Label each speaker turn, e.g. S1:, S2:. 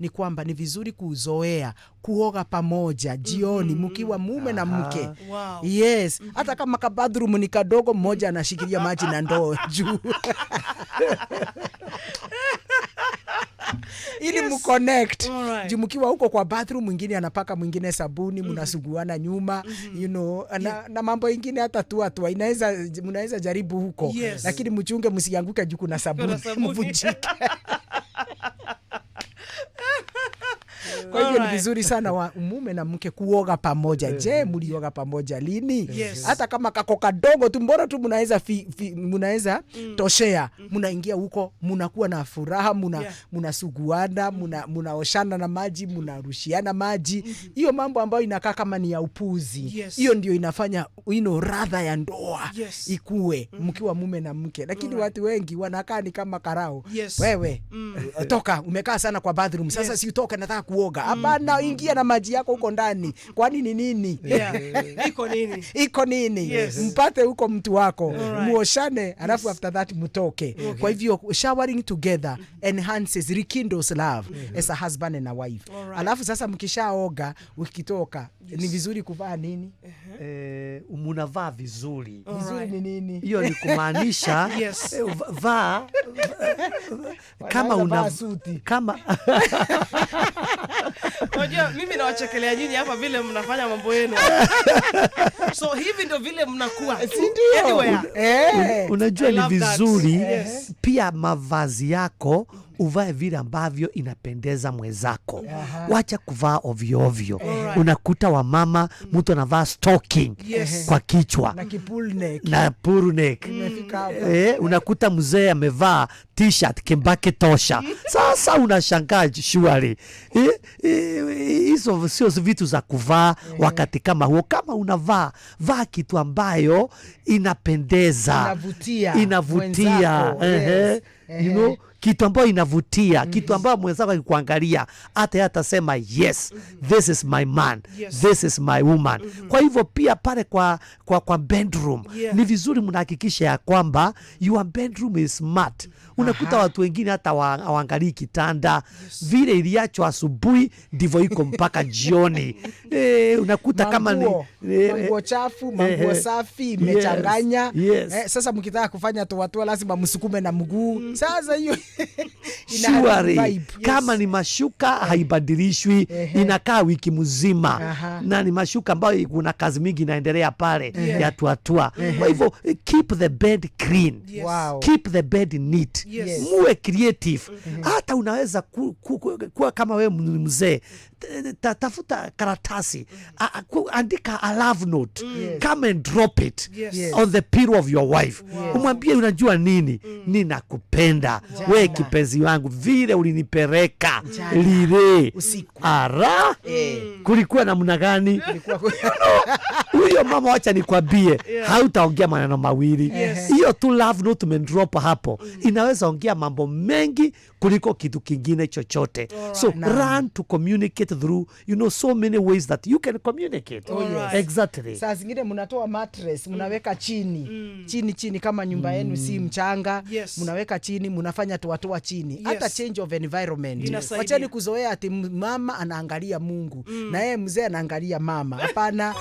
S1: ni kwamba ni vizuri kuzoea kuoga pamoja jioni mm-hmm. mkiwa mm -hmm. mume na mke wow. Yes mm -hmm. hata kama kabathroom ni kadogo, mmoja anashikilia maji na ndoo juu ili yes. mconnect right. juu mkiwa huko kwa bathroom, mwingine anapaka mwingine sabuni, mm-hmm. mnasuguana mm -hmm. nyuma mm -hmm. you know, yeah. na na mambo ingine hata tuatua tua inaweza mnaweza jaribu huko yes. lakini mchunge msianguke juu kuna sabuni mvunjike vizuri sana wa mume na mke kuoga pamoja. Eh. Je, mlioga pamoja lini? Yes. Hata kama kako kadogo tu, mbona tu mnaweza mnaweza mm. toshea, mm-hmm. mnaingia huko, mnakuwa na furaha, mna yeah. mnasuguana, mnaoshana mm-hmm. na maji, mnarushiana maji. Mm-hmm. Hiyo mambo ambayo inakaa kama ni ya upuzi, hiyo yes. ndio inafanya ino radha ya ndoa yes. ikue mkiwa mume na mke, lakini right. watu wengi wanakaa ni kama karao yes. wewe mm. toka umekaa sana kwa bathroom sasa yes. si utoke, nataka kuoga mm. hapana mm naingia na maji yako huko ndani, kwani ni nini?
S2: yeah. iko nini?
S1: iko nini? yes. mpate huko mtu wako muoshane, alafu after that mtoke. okay. Kwa hivyo showering together enhances, rekindles love mm-hmm. as a husband and a wife Alafu sasa mkishaoga ukitoka yes. ni vizuri kuvaa nini? uh
S2: -huh. Eh, munavaa um, vizuri.
S1: Vizuri ni nini?
S2: Hiyo ni kumaanisha yes. Eh, vaa kama una suti kama Unajua mimi nawachekelea nyinyi hapa vile mnafanya mambo yenu. So hivi ndio vile mnakuwa. Anyway,
S1: eh.
S2: unajua ni vizuri pia mavazi yako uvae vile ambavyo inapendeza mwenzako. Aha. Wacha kuvaa ovyoovyo right. Unakuta wamama mm. mtu anavaa stocking yes. kwa kichwa na purnek Mm. Eh, unakuta mzee amevaa t-shirt kembake tosha. Mm. Sasa unashangaa shuali hizo sio vitu za kuvaa eh. wakati kama huo. Kama unavaa vaa kitu ambayo inapendeza,
S1: inavutia,
S2: inavutia kitu ambayo inavutia mm kitu ambayo mwenzako akikuangalia hata yeye atasema yes mm -hmm. this is my man yes. this is my woman mm -hmm. kwa hivyo pia pale kwa, kwa, kwa bedroom yeah. ni vizuri mnahakikisha ya kwamba your bedroom is smart unakuta watu wengine hata hawaangalii kitanda yes. vile iliacho asubuhi ndivyo iko mpaka jioni e, unakuta kama ni
S1: e, manguo chafu manguo safi imechanganya yes. yes. e, sasa mkitaka kufanya toatoa lazima msukume na mguu mm. sasa hiyo
S2: shuari Kama yes. ni mashuka eh. haibadilishwi, inakaa wiki mzima Aha. na ni mashuka ambayo kuna kazi mingi inaendelea pale yeah. ya tuatua. Kwa hivyo keep the bed clean. Yes. Wow. keep the bed neat. Yes. Muwe creative. Hata unaweza kuwa ku, ku, ku, kama wewe ni mzee tafuta karatasi andika a love note. Mm. Yes. Come and drop it yes. on the pillow of your wife. Wow. Umwambie unajua nini? Mm. Ninakupenda. Wow we kipenzi wangu vile ulinipeleka lile ara eh. kulikuwa namna gani? huyo mama, wacha nikwambie, yeah. hautaongea maneno mawili hiyo yes. tu love note tumendrop hapo mm. inaweza ongea mambo mengi kuliko kitu kingine chochote right. Oh, so nah. run to communicate through you know so many ways that you can communicate oh, yes. exactly.
S1: Saa zingine mnatoa mattress mm. mnaweka chini mm. chini chini kama nyumba yenu si mm. mchanga yes. mnaweka chini mnafanya tu watu wa chini yes. Hata change of environment yes. Wacheni kuzoea ati mama anaangalia Mungu mm. na yeye mzee anaangalia mama. Hapana.